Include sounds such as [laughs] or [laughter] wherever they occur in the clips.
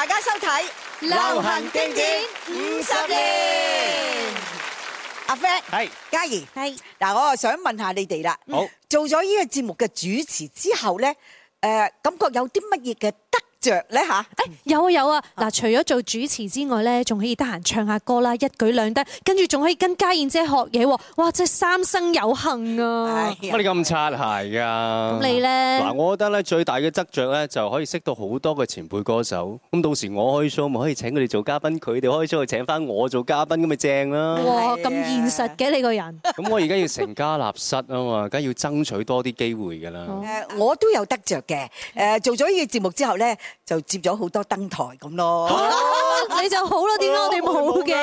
大家收睇流行經典五十年。阿 Fat 係，家燕係。嗱，我啊想問下你哋啦，好做咗呢個節目嘅主持之後咧，誒，感覺有啲乜嘢嘅得？着咧吓，誒有啊有啊，嗱除咗做主持之外咧，仲可以得閒唱下歌啦，一舉兩得，跟住仲可以跟家燕姐學嘢喎，哇真係三生有幸啊！乜你咁擦鞋㗎？咁你咧？嗱，我覺得咧最大嘅得益咧，就可以識到好多嘅前輩歌手，咁到時我開 show 咪可以請佢哋做嘉賓，佢哋開 show 去請返我做嘉賓，咁咪正啦！哇，咁現實嘅你個人。咁我而家要成家立室啊嘛，梗係要爭取多啲機會㗎啦。誒，我都有得着嘅，誒做咗呢個節目之後咧。就接咗好多登台咁咯，你就好啦，點解我哋冇嘅？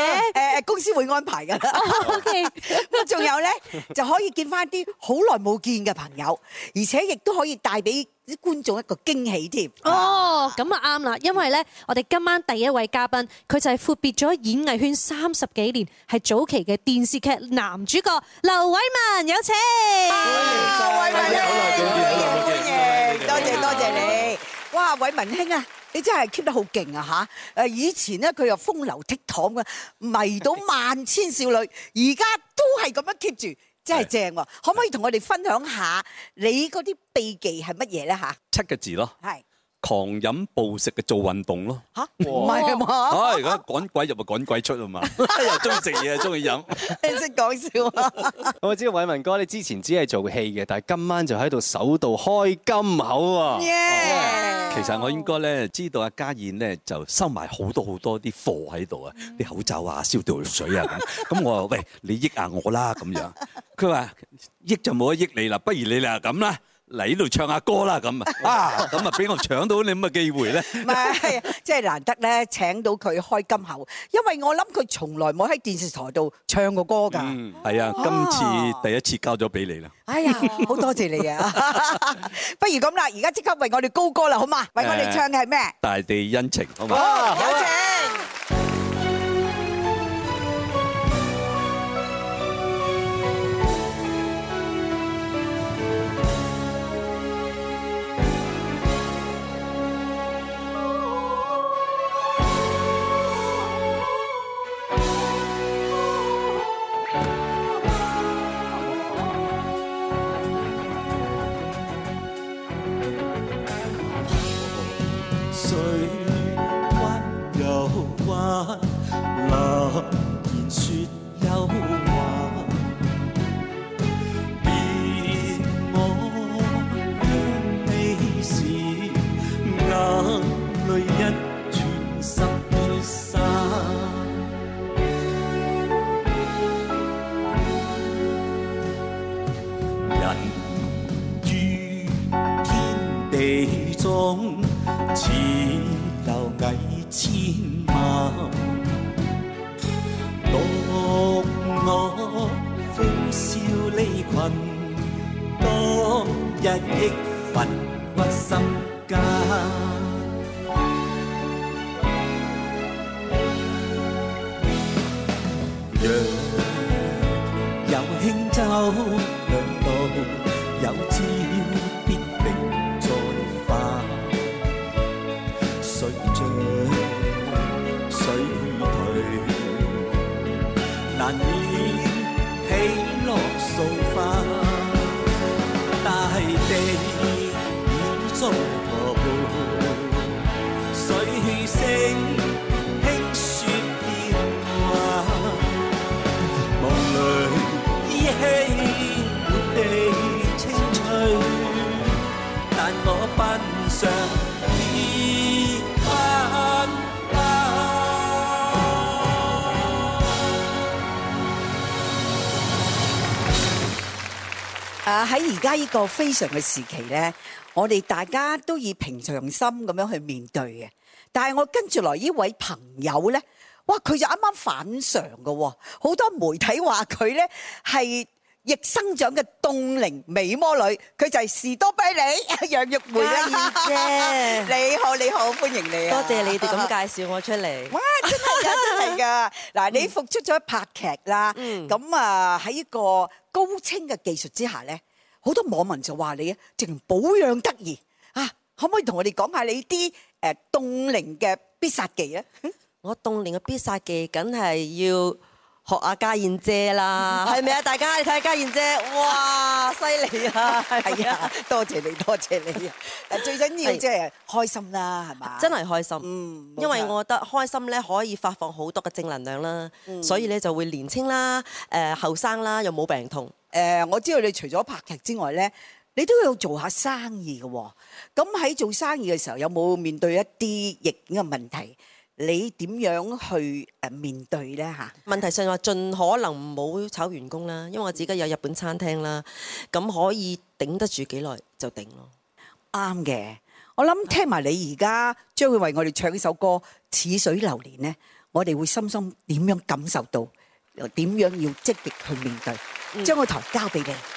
誒公司會安排噶啦。O K，咁仲有咧，就可以見翻啲好耐冇見嘅朋友，而且亦都可以帶俾啲觀眾一個驚喜添。哦，咁啊啱啦，因為咧，我哋今晚第一位嘉賓，佢就係闊別咗演藝圈三十幾年，係早期嘅電視劇男主角劉緯民，有請。歡迎劉緯民，好耐冇見，好耐冇見。歡迎，多謝多謝你。哇，緯民兄啊，你真係 keep 得好勁啊嚇！誒、啊，以前咧佢又風流倜儻嘅，迷到萬千少女，而家都係咁樣 keep 住，真係正喎、啊！是的 可唔可以同我哋分享下你嗰啲秘技係乜嘢咧嚇？七個字咯。係。狂飲暴食嘅做運動咯嚇，唔係啊嘛，啊而家趕鬼入咪趕鬼出啊嘛，又中意食嘢又中意飲，你識講笑啊？我知道緯民哥你之前只係做戲嘅，但係今晚就喺度首度開金口啊。其實我應該咧知道阿家燕咧就收埋好多好多啲貨喺度啊，啲口罩啊、消毒水啊咁。咁我話喂，你益下我啦咁樣。佢話益就冇得益你啦，不如你嚟咁啦。嚟呢度唱下歌啦咁啊！啊咁啊，俾 [laughs] 我搶到你咁嘅機會咧？唔係，即係難得咧，請到佢開金口，因為我諗佢從來冇喺電視台度唱過歌㗎。嗯，係啊，哇今次第一次交咗俾你啦。哎呀，好多謝你啊！ [laughs] 不如咁啦，而家即刻為我哋高歌啦，好嘛？為我哋唱嘅係咩？大地恩情，好唔好？好，有請。喺而家依個非常嘅時期咧，我哋大家都以平常心咁樣去面對嘅。但係我跟住來依位朋友咧，哇！佢就啱啱反常嘅喎，好多媒體話佢咧係逆生長嘅凍齡美魔女，佢就係士多啤梨楊玉梅啊，二姐，你好，你好，歡迎你啊！多謝你哋咁介紹我出嚟。哇！真係㗎，真係㗎。嗱，你復出咗拍劇啦，咁啊喺依個高清嘅技術之下咧。好多網民就話你啊，直情保養得宜啊！可唔可以同我哋講下你啲誒凍齡嘅必殺技啊？我凍齡嘅必殺技，梗係要學阿家燕姐啦，係咪啊？大家你睇下家燕姐，哇，犀利啊！係啊，多謝你，多謝你。誒，最緊要即係開心啦，係嘛？真係開心。嗯，因為我覺得開心咧可以發放好多嘅正能量啦，所以咧就會年青啦，誒後生啦，又冇病痛。誒，我知道你除咗拍劇之外呢，你都有做下生意嘅喎。咁喺做生意嘅時候，有冇面對一啲逆境嘅問題？你點樣去誒面對呢？嚇，問題上話盡可能唔好炒員工啦，因為我自己有日本餐廳啦，咁可以頂得住幾耐就頂咯。啱嘅，我諗聽埋你而家將會為我哋唱呢首歌《似水流年》呢，我哋會深深點樣感受到，又點樣要積極去面對。將、嗯、個台交俾你。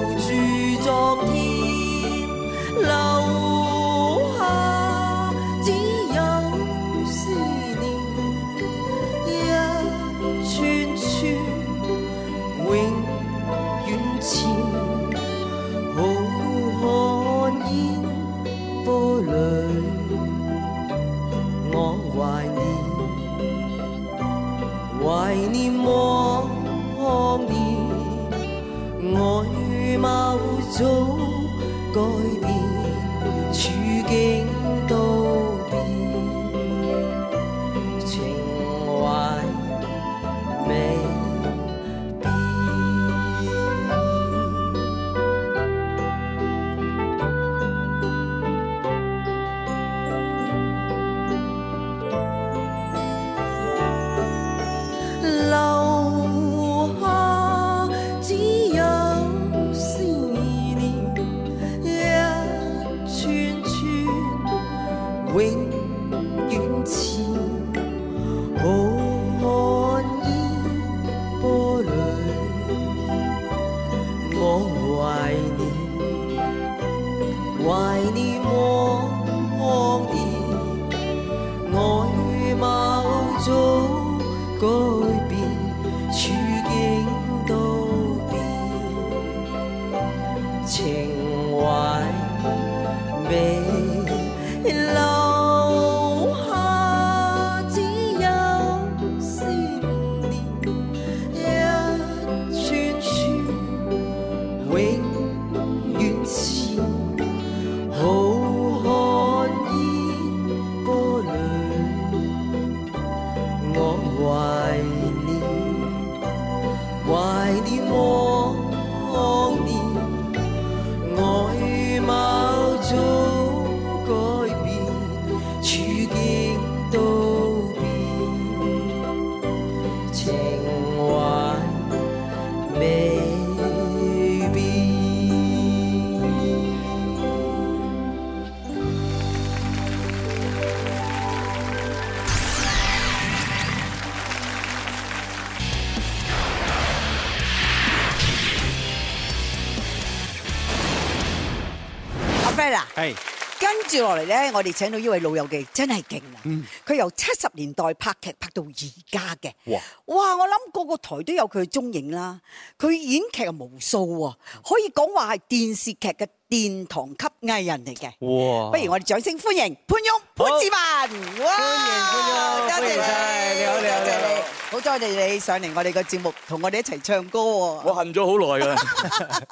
接落嚟咧，我哋請到呢位老友記，真係勁啊！佢、嗯、由七十年代拍劇拍到而家嘅，哇，哇！我諗個個台都有佢嘅蹤影啦，佢演劇無數喎，嗯、可以講話係電視劇嘅。殿堂級藝人嚟嘅，不如我哋掌聲歡迎潘翁潘志文。歡迎潘翁，多謝你，你好，你好，多謝你。好在我哋你上嚟我哋個節目，同我哋一齊唱歌喎。我恨咗好耐㗎啦。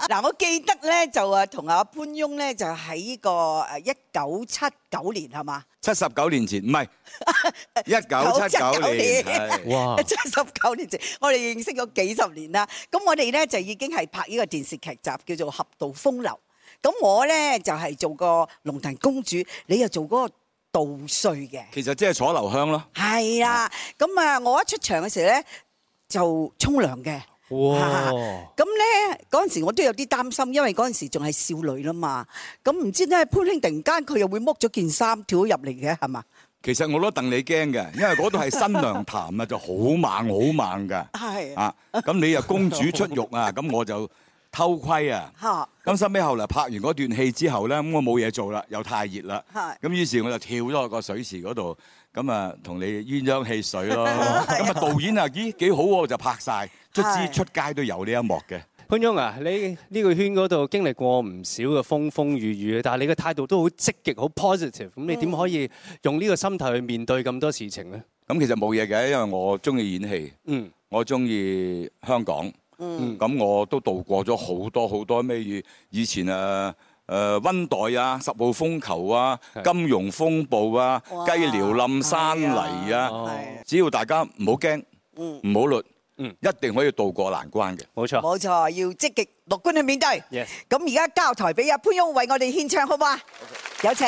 嗱，我記得咧就啊，同阿潘翁咧就喺呢個誒一九七九年係嘛？七十九年前唔係一九七九年，哇！七十九年前，我哋認識咗幾十年啦。咁我哋咧就已經係拍呢個電視劇集叫做《俠道風流》。咁我咧就係做個龍騰公主，你又做嗰個盜帥嘅。其實即係楚留香咯。係啊，咁啊，我一出場嘅時候咧就沖涼嘅。哇！咁咧嗰陣時我都有啲擔心，因為嗰陣時仲係少女吖嘛。咁唔知點解潘兄突然間佢又會剝咗件衫跳咗入嚟嘅係嘛？其實我都戥你驚嘅，因為嗰度係新娘潭啊，就好猛好猛㗎。係啊，咁你又公主出浴啊，咁我就。偷窺啊！咁收尾後嚟拍完嗰段戲之後咧，咁我冇嘢做啦，又太熱啦。咁於是我就跳咗去個水池嗰度，咁啊同你鴛鴦戲水咯。咁啊導演啊，咦幾好喎？就拍晒，卒之出街都有呢一幕嘅。潘湧啊，你呢個圈嗰度經歷過唔少嘅風風雨雨，但係你嘅態度都好積極，好 positive。咁你點可以用呢個心態去面對咁多事情咧？咁其實冇嘢嘅，因為我中意演戲，嗯，我中意香港。嗯，咁我都渡過咗好多好多咩嘢？以前啊，誒溫黛啊，十號風球啊，是的 金融風暴啊，雞寮冧山泥啊，只要大家唔好驚，唔好、嗯、亂，嗯、一定可以渡過難關嘅。冇錯，冇錯，要積極樂觀去面對。咁而家交台俾阿潘涌為我哋獻唱，好嘛？好的 有請。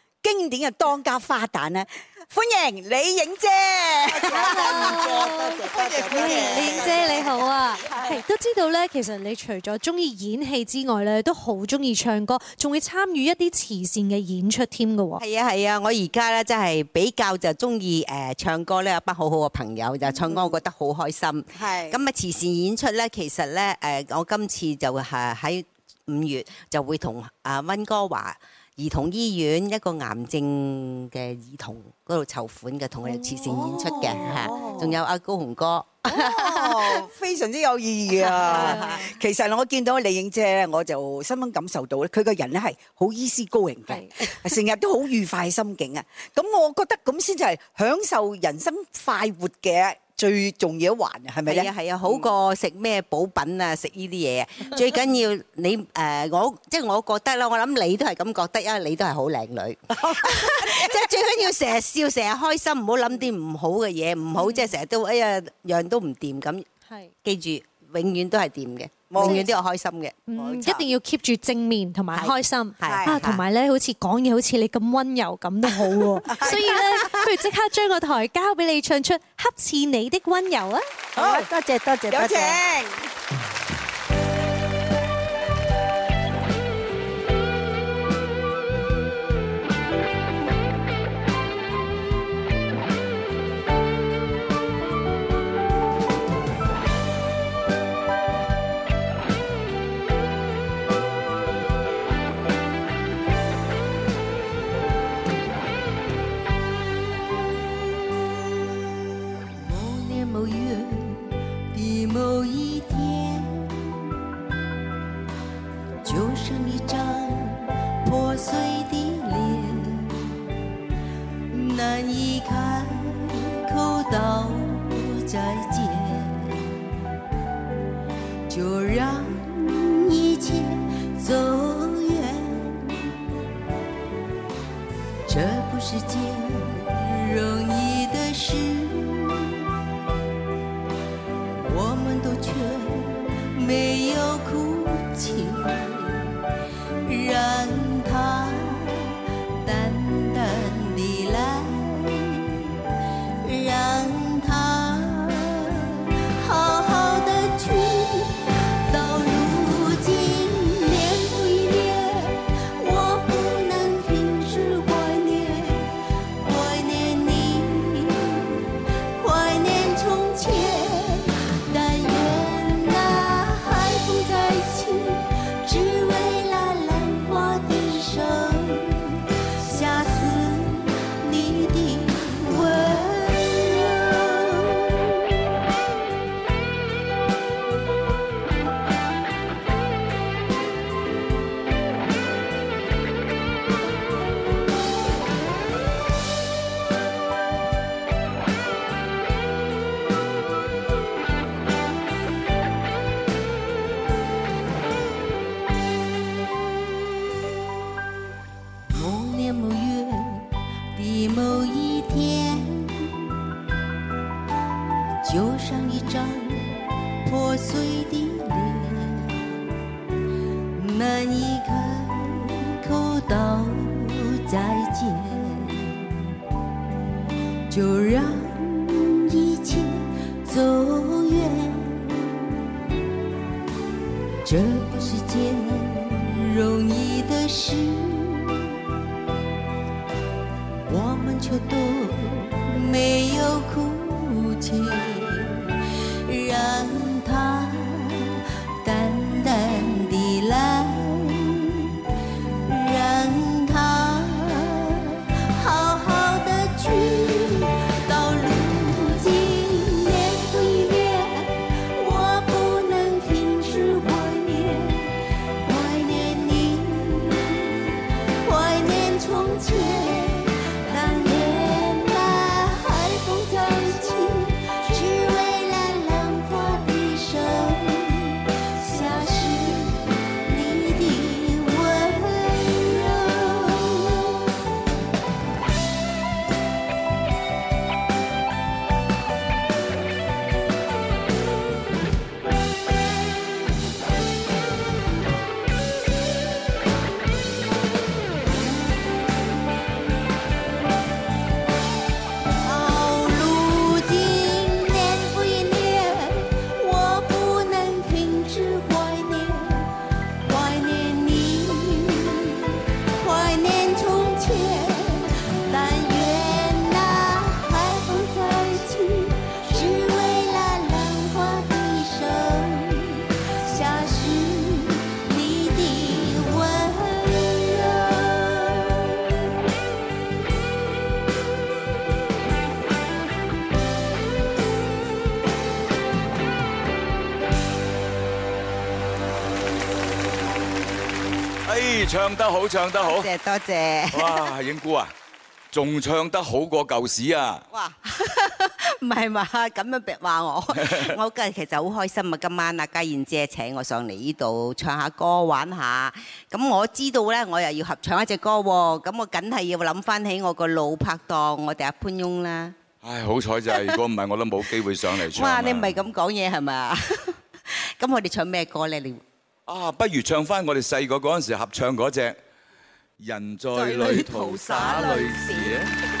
經典嘅當家花旦咧，歡迎李影姐。多謝，多謝。李影姐謝謝，你好啊，是都知道咧，其實你除咗中意演戲之外咧，都好中意唱歌，仲會參與一啲慈善嘅演出添嘅、哦。係啊，係啊，我而家咧真係比較就中意誒唱歌咧，有班好好嘅朋友就唱歌，我覺得好開心。係是。咁啊，慈善演出咧，其實咧誒，我今次就誒喺五月就會同啊溫哥華。兒童醫院一個癌症嘅兒童嗰度籌款嘅，同我哋慈善演出嘅嚇、哦，仲有阿高雄哥，非常之有意義啊！是的 其實我見到李影姐咧，我就深深感受到咧，佢個人咧係好醫師高榮嘅，成日都好愉快心境啊！咁我覺得咁先就係享受人生快活嘅。最重要一環係咪咧？係啊，好過食咩補品啊，食呢啲嘢。 [laughs] 最緊要你誒、呃，我即係、即係、我覺得啦。我諗你都係咁覺得，因為你都係好靚女。即係最緊要成日笑，成日開心，唔好諗啲唔好嘅嘢，唔好即係成日都哎呀一樣都唔掂咁。係，的記住永遠都係掂嘅。永遠都有開心嘅，嗯，一定要 keep 住正面同埋開心，啊，同埋咧，好似講嘢好似你咁溫柔咁都好喎。所以咧，不如即刻將個台交俾你，唱出恰似你的溫柔啊！好，多謝多謝，有請。唱得好，唱得好！多謝，多謝！哇，英姑啊，仲唱得好過舊時啊！哇，唔係嘛，咁樣咪話我，我今日其實好開心啊！今晚啊，家燕姐請我上嚟呢度唱下歌，玩下。咁我知道咧，我又要合唱一隻歌喎。咁我緊係要諗翻起我個老拍檔，我哋阿潘翁啦。唉，好彩就係，如果唔係我都冇機會上嚟唱。哇，你唔係咁講嘢係咪？咁我哋唱咩歌咧？你？啊，不如唱翻我哋細個嗰陣時合唱嗰隻《人在旅途灑淚時》啊！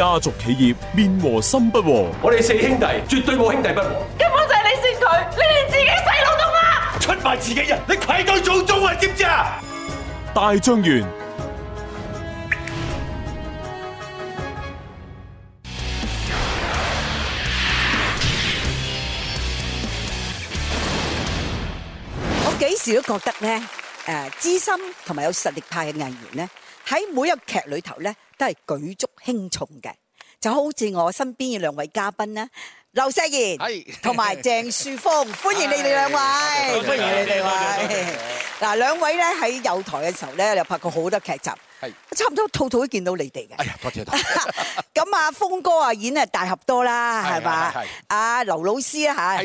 家族企業，面和心不和。我哋四兄弟，絕對冇兄弟不和。根本就係你算佢，你連自己細佬都呃。出賣自己人，你愧對祖宗啊。知唔知啊？大章完。我幾時都覺得咧，誒，資深同埋有實力派嘅藝員咧，喺每一劇裏頭咧。都係舉足輕重嘅，就好似我身邊嘅兩位嘉賓咧，劉錫賢，係同埋鄭恕峰，歡迎你哋兩位，歡迎你哋兩位。嗱，兩位咧喺有台嘅時候咧，又拍過好多劇集，係差唔多套套都見到你哋嘅。哎呀，多謝台。咁啊，峰哥啊，演啊大俠多啦，係嘛？阿劉老師咧嚇，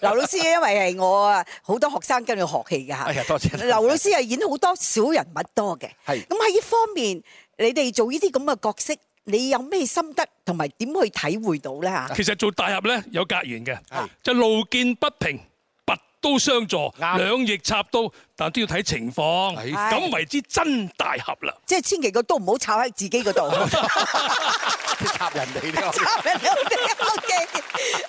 劉老師因為係我啊，好多學生跟佢學戲嘅嚇。係啊，多謝。劉老師係演好多小人物多嘅，係咁喺呢方面，你哋做呢啲咁嘅角色，你有咩心得同埋點去體會到咧？啊！其實做大俠咧有格言嘅，就路見不平拔刀相助，兩肋插刀。但都要睇情況，咁為之真大俠啦！即係千祈個都唔好炒喺自己嗰度，插人哋啲。O K，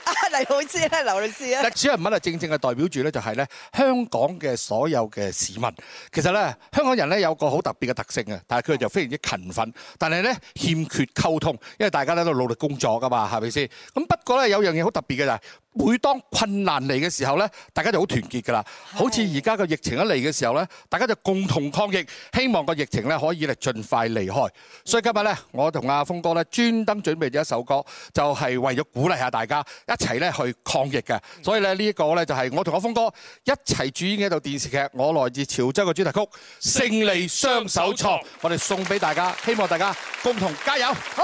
阿黎老師咧，劉女士咧。歷史人物咧正正係代表住咧，就係咧香港嘅所有嘅市民。其實咧，香港人咧有個好特別嘅特性啊，但係佢哋就非常之勤奮，但係咧欠缺溝通，因為大家咧都努力工作噶嘛，係咪先？咁不過咧，有樣嘢好特別嘅就係，每當困難嚟嘅時候咧，大家就好團結㗎啦。好似而家個疫情咧嚟嚟嘅時候咧，大家就共同抗疫，希望個疫情咧可以盡快離開。所以今日咧，我同阿峰哥咧專登準備咗一首歌，就係、是、為咗鼓勵下大家一齊咧去抗疫嘅。所以咧，呢一個咧就係我同阿峰哥一齊主演嘅一套電視劇《我來自潮州》嘅主題曲《利勝利雙手創》，我哋送俾大家，希望大家共同加油。好。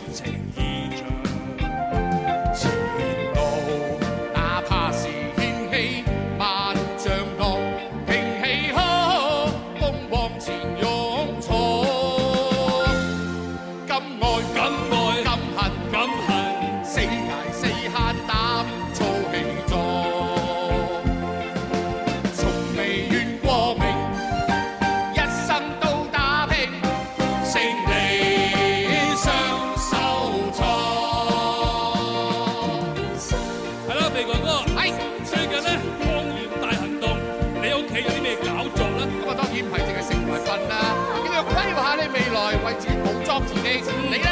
你咧，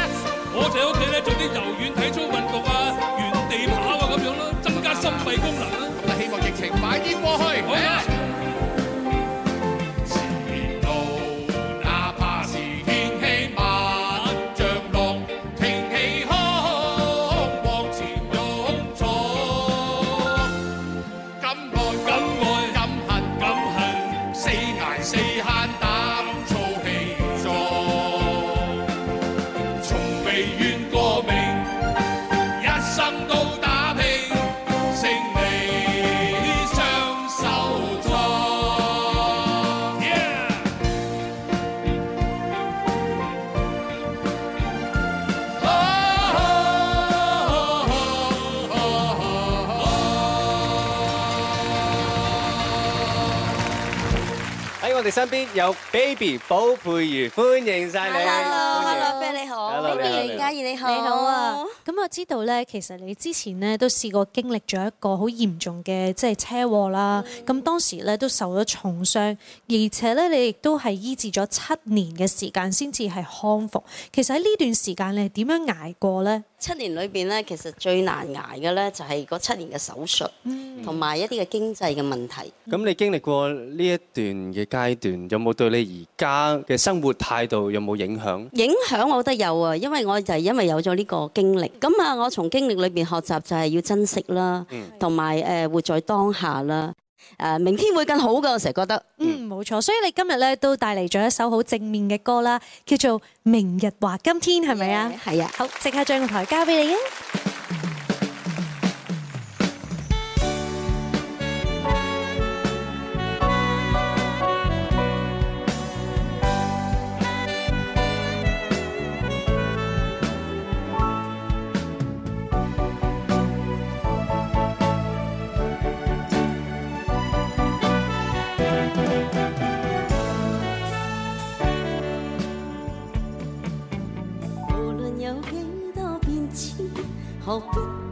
我就喺屋企咧做啲柔軟體操運動啊，原地跑啊咁樣咯，增加心肺功能咯、啊。咁就吧希望疫情快啲過去。好吧身邊有 baby 寶貝兒，歡迎晒你。Hello，Hello，baby 你好。你好，家燕你好。你好啊！咁我知道咧，其實你之前咧都試過經歷咗一個好嚴重嘅即係車禍啦。咁當時咧都受咗重傷，而且咧你亦都係醫治咗七年嘅時間先至係康復。其實喺呢段時間咧，點樣捱過咧？七年裏邊咧，其實最難捱嘅咧就係嗰七年嘅手術，同埋一啲嘅經濟嘅問題。咁你經歷過呢一段嘅階段，有冇對你而家嘅生活態度有冇影響？影響我覺得有啊，因為我就係因為有咗呢個經歷。咁啊，我從經歷裏邊學習就係要珍惜啦，同埋誒活在當下啦。誒，明天會更好噶，我成日覺得。嗯，冇錯。所以你今日咧都帶嚟咗一首好正面嘅歌啦，叫做《明日話今天》，係咪啊？係啊。好，即刻將個台交俾你啊！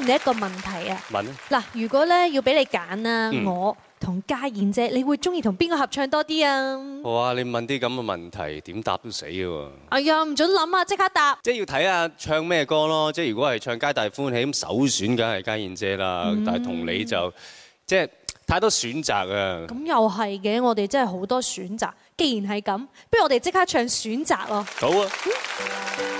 問你一個問題啊，問啊呢，嗱，如果咧要俾你揀啊，嗯、我同嘉燕姐，你會中意同邊個合唱多啲啊？好啊，你問啲咁嘅問題，點答都死啊喎！哎呀，唔准諗啊，即刻答看看！即係要睇下唱咩歌咯？即係如果係唱《皆大歡喜》，咁首選梗係嘉燕姐啦。嗯、但係同你就即係、嗯、太多選擇啊！咁又係嘅，我哋真係好多選擇。既然係咁，不如我哋即刻唱《選擇》咯！好啊、嗯！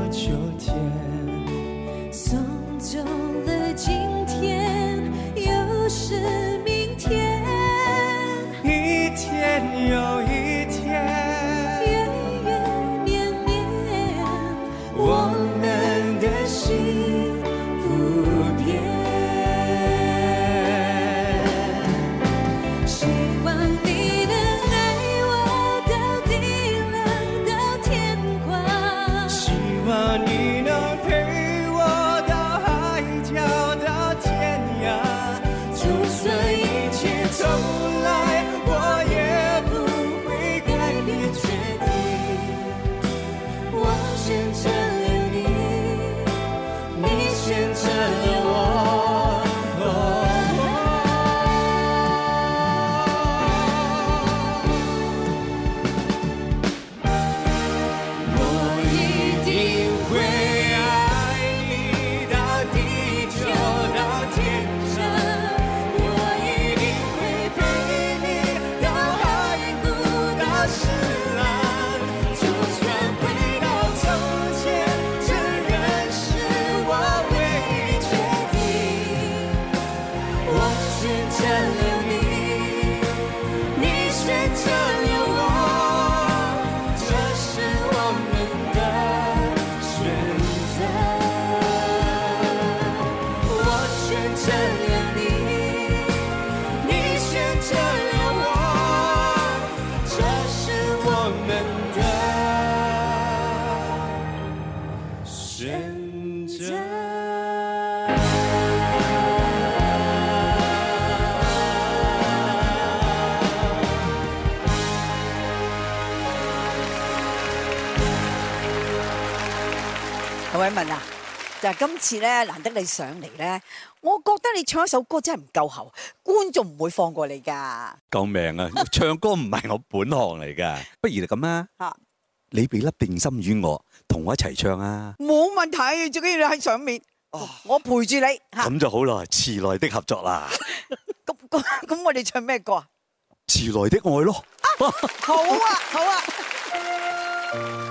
今次咧，難得你上嚟咧，我覺得你唱一首歌真係唔夠喉，觀眾唔會放過你噶。救命啊！ [laughs] 唱歌唔係我本行嚟噶，不如就咁啦嚇，是的 你俾粒定心丸我，同我一齊唱啊！冇問題，最緊要你喺上面，我陪住你嚇，咁就好啦。遲來的合作啦 [laughs] ，咁咁咁，我哋唱咩歌啊？遲來的愛咯 [laughs] 好啊，好啊好啊。 [laughs] [laughs]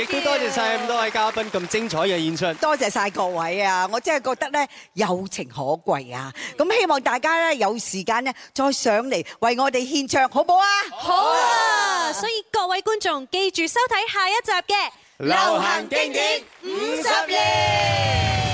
亦都多謝曬咁多位嘉賓咁精彩嘅演出。多謝曬各位啊！我真係覺得咧友情可貴啊！咁希望大家咧有時間咧再上嚟為我哋獻唱，好冇啊？好啊！所以各位觀眾，記住收睇下一集嘅《流行經典五十年》。